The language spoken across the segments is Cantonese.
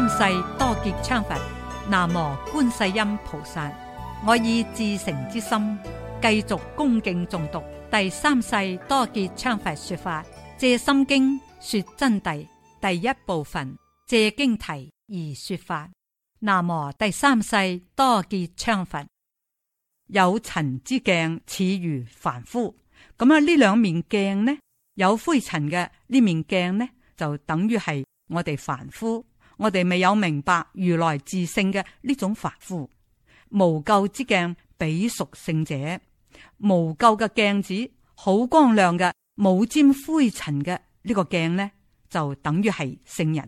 三世多杰羌佛，南無觀世音菩薩。我以至誠之心繼續恭敬誦讀第三世多杰羌佛說法《藉心經》說真諦第一部分《藉經題》而說法。南無第三世多杰羌佛，有塵之鏡，似如凡夫。咁啊，呢兩面鏡呢，有灰塵嘅呢面鏡呢，就等於係我哋凡夫。我哋未有明白如來自性嘅呢種法乎，無垢之鏡比屬聖者，無垢嘅鏡子好光亮嘅，冇沾灰塵嘅呢、這個鏡呢，就等於係聖人，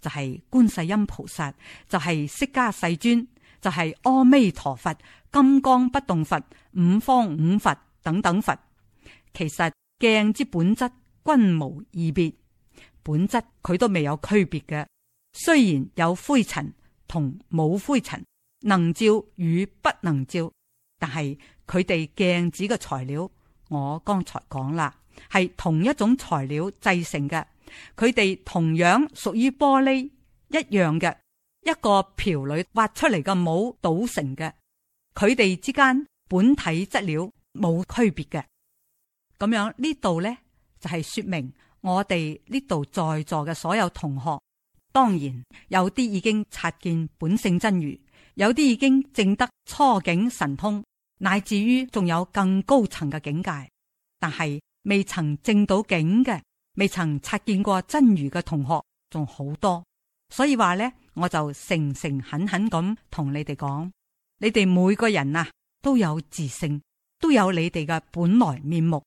就係、是、觀世音菩薩，就係、是、釋迦世尊，就係、是、阿彌陀佛、金剛不動佛、五方五佛等等佛。其實鏡之本質均無異別，本質佢都未有區別嘅。雖然有灰塵同冇灰塵，能照與不能照，但係佢哋鏡子嘅材料，我剛才講啦，係同一種材料製成嘅，佢哋同樣屬於玻璃一樣嘅一個瓢裏挖出嚟嘅帽倒成嘅，佢哋之間本體質料冇區別嘅。咁樣呢度呢，就係說明我哋呢度在座嘅所有同學。當然，有啲已經察見本性真如，有啲已經證得初境神通，乃至於仲有更高層嘅境界。但係未曾證到境嘅，未曾察見過真如嘅同學仲好多。所以話呢，我就誠誠懇懇咁同你哋講，你哋每個人啊都有自性，都有你哋嘅本來面目，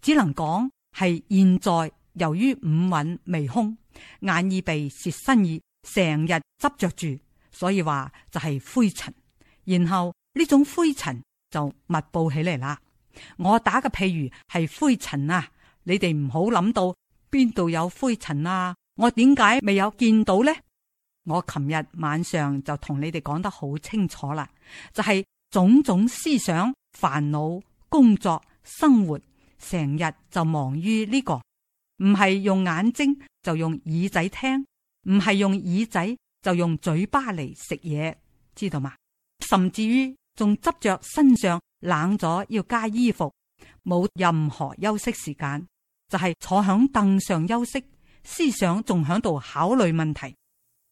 只能講係現在。由於五蘊未空，眼耳鼻舌身意成日執着住，所以話就係灰塵。然後呢種灰塵就密布起嚟啦。我打嘅譬如係灰塵啊，你哋唔好諗到邊度有灰塵啊。我點解未有見到呢？我琴日晚上就同你哋講得好清楚啦，就係種種思想、煩惱、工作、生活，成日就忙於呢個。唔係用眼睛就用耳仔聽，唔係用耳仔就用嘴巴嚟食嘢，知道嗎？甚至於仲執着身上冷咗要加衣服，冇任何休息時間，就係坐響凳上休息，思想仲響度考慮問題。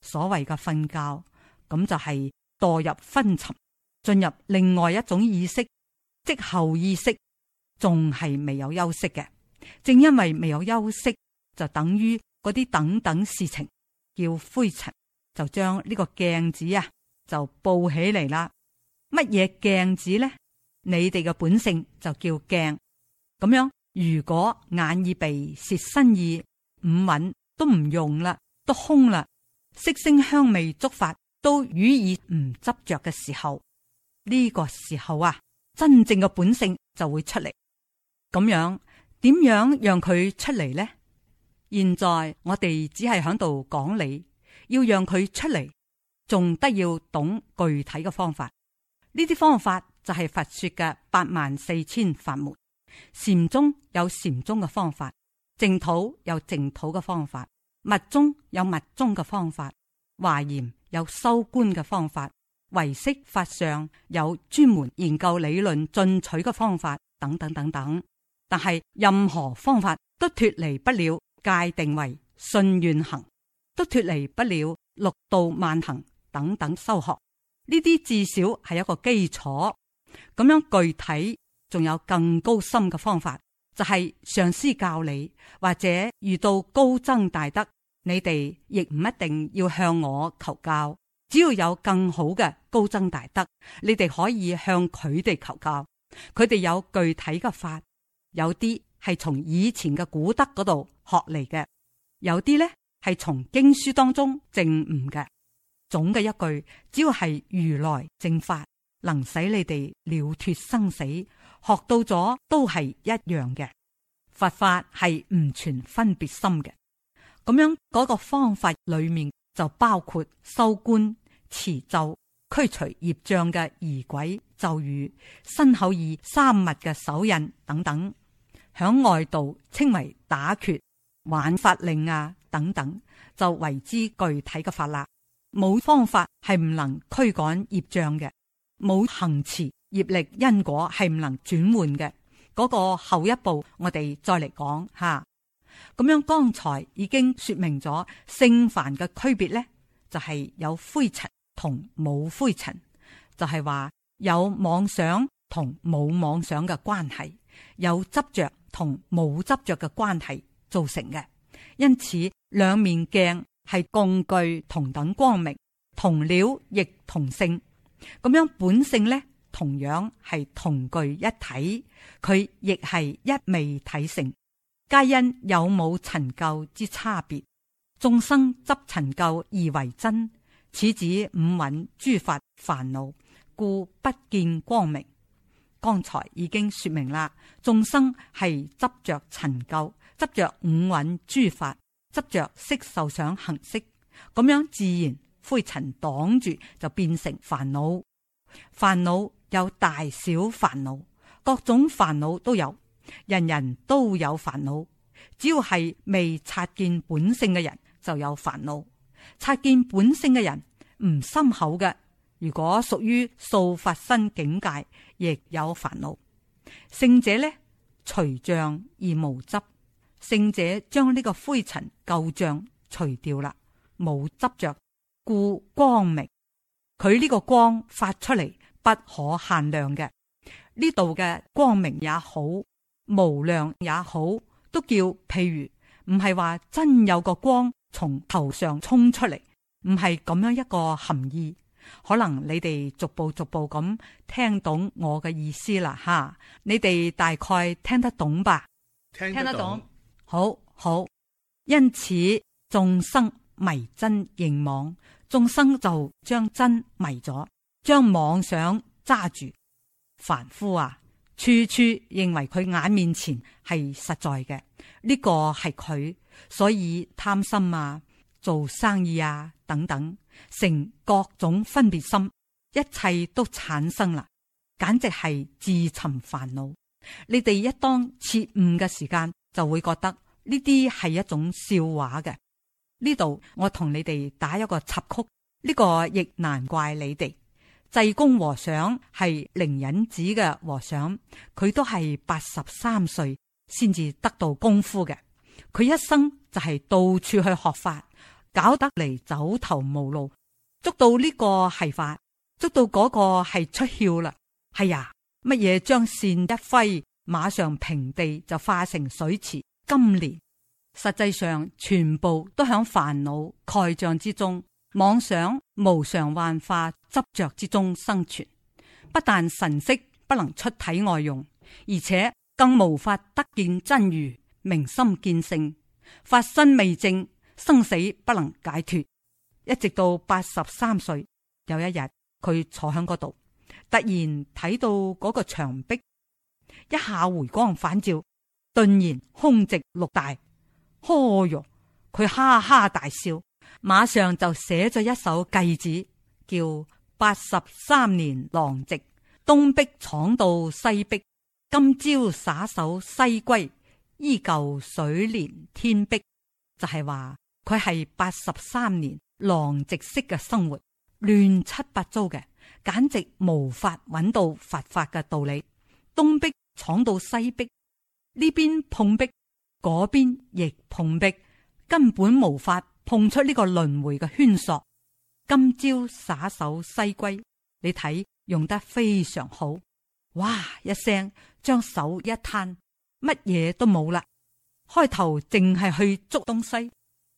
所謂嘅瞓覺咁就係墮入昏沉，進入另外一種意識，即後意識，仲係未有休息嘅。正因為未有休息，就等於嗰啲等等事情叫灰塵，就將呢個鏡子啊就報起嚟啦。乜嘢鏡子呢？你哋嘅本性就叫鏡。咁樣，如果眼耳鼻舌身意五蘊都唔用啦，都空啦，色聲香味觸法都予以唔執着嘅時候，呢個時候啊，真正嘅本性就會出嚟。咁樣。點樣讓佢出嚟呢？現在我哋只係響度講理，要讓佢出嚟，仲得要懂具體嘅方法。呢啲方法就係佛說嘅八萬四千法門。禪宗有禪宗嘅方法，淨土有淨土嘅方法，密宗有密宗嘅方法，華嚴有修觀嘅方法，唯識法上有專門研究理論進取嘅方法，等等等等。但係任何方法都脫離不了界定為信願行，都脫離不了六度萬行等等修學，呢啲至少係一個基礎。咁樣具體仲有更高深嘅方法，就係、是、上師教你，或者遇到高僧大德，你哋亦唔一定要向我求教。只要有更好嘅高僧大德，你哋可以向佢哋求教，佢哋有具體嘅法。有啲係從以前嘅古德嗰度學嚟嘅，有啲呢係從經書當中證悟嘅。總嘅一句，只要係如來正法，能使你哋了脫生死，學到咗都係一樣嘅。佛法係唔存分別心嘅，咁樣嗰個方法裏面就包括修觀、持咒、驅除業障嘅儀軌、咒語、身口意三密嘅手印等等。響外道稱為打決、玩法令啊等等，就為之具體嘅法啦。冇方法係唔能驅趕業障嘅，冇行持業力因果係唔能轉換嘅。嗰、那個後一步我哋再嚟講吓。咁樣剛才已經說明咗聖凡嘅區別咧，就係、是、有灰塵同冇灰塵，就係、是、話有妄想同冇妄想嘅關係，有執着同冇執着嘅關係造成嘅，因此兩面鏡係共具同等光明，同料亦同性，咁樣本性呢，同樣係同具一體，佢亦係一味體性，皆因有冇塵垢之差別，眾生執塵垢而為真，此指五蘊、諸法煩惱，故不見光明。剛才已經說明啦，眾生係執着塵垢，執着五蘊諸法，執着色受想行識，咁樣自然灰塵擋住就變成煩惱。煩惱有大小煩惱，各種煩惱都有，人人都有煩惱。只要係未察見本性嘅人就有煩惱，察見本性嘅人唔心口嘅。如果屬於素法身境界，亦有煩惱。聖者呢，除障而無執，聖者將呢個灰塵舊障除掉啦，無執着，故光明。佢呢個光發出嚟不可限量嘅，呢度嘅光明也好，無量也好，都叫譬如，唔係話真有個光從頭上衝出嚟，唔係咁樣一個含義。可能你哋逐步逐步咁聽懂我嘅意思啦吓，你哋大概聽得懂吧？聽得懂，好好。因此眾生迷真認妄，眾生就將真迷咗，將妄想揸住。凡夫啊，處處認為佢眼面前係實在嘅，呢個係佢，所以貪心啊。做生意啊，等等，成各種分別心，一切都產生啦，簡直係自尋煩惱。你哋一當切悟嘅時間，就會覺得呢啲係一種笑話嘅。呢度我同你哋打一個插曲，呢、這個亦難怪你哋。濟公和尚係靈隱寺嘅和尚，佢都係八十三歲先至得到功夫嘅，佢一生就係到處去學法。搞得嚟走投無路，捉到呢個係法，捉到嗰個係出竅啦。係呀，乜嘢將綫一揮，馬上平地就化成水池金蓮。實際上，全部都響煩惱蓋障之中，妄想無常幻化執着之中生存。不但神識不能出體外用，而且更無法得見真如，明心見性，法身未證。生死不能解脫，一直到八十三歲，有一日佢坐喺嗰度，突然睇到嗰個牆壁，一下回光返照，頓然空寂六大，呵喲！佢哈哈大笑，馬上就寫咗一首偈子，叫《八十三年狼藉，東壁闖到西壁，今朝撒手西歸，依舊水連天碧》，就係、是、話。佢係八十三年狼藉式嘅生活，亂七八糟嘅，簡直無法揾到佛法嘅道理。東壁闖到西壁，呢邊碰壁，嗰邊亦碰壁，根本無法碰出呢個輪回嘅圈索。今朝撒手西歸，你睇，用得非常好，哇，一聲，將手一攤，乜嘢都冇啦。開頭淨係去捉東西。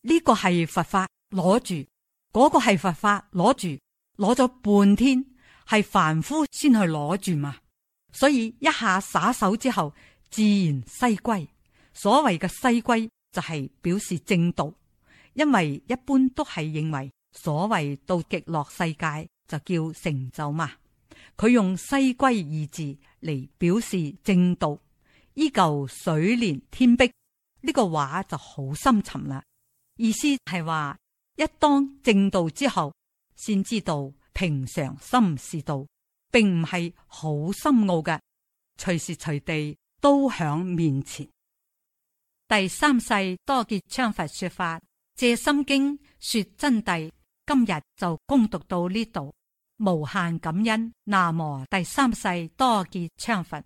呢個係佛法攞住，嗰、這個係佛法攞住，攞咗半天係凡夫先去攞住嘛。所以一下撒手之後，自然西歸。所謂嘅西歸就係表示正道，因為一般都係認為所謂到極樂世界就叫成就嘛。佢用西歸二字嚟表示正道，依舊水連天碧」呢、這個話就好深沉啦。意思係話，一當正道之後，先知道平常心是道，並唔係好深奧嘅，隨時隨地都響面前。第三世多杰羌佛說法，借心經說真諦，今日就恭讀到呢度，無限感恩。南無第三世多杰羌佛。